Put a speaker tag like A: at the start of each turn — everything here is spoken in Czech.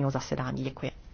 A: dnešního zasedání. Děkuji.